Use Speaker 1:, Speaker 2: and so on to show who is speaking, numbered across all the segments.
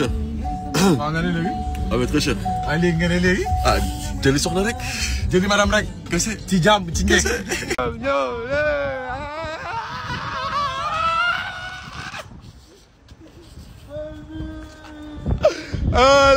Speaker 1: cher. waaw nga ne léegi. cher. Ah, waaye ah, léegi nga ne léegi. ah jëli soxna kese ci jàmm ci ñeeg. oh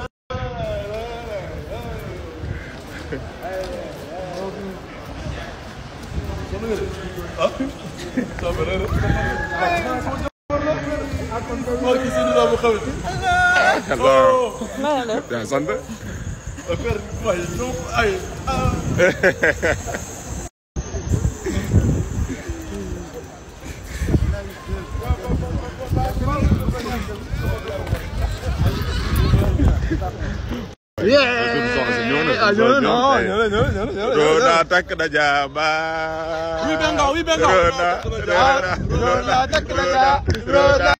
Speaker 1: yaa sant. Rona takk na jaaba. Rona takk na jaaba.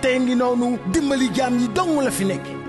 Speaker 1: konte ngi noonu dimbali jaam yi dong la fi nekk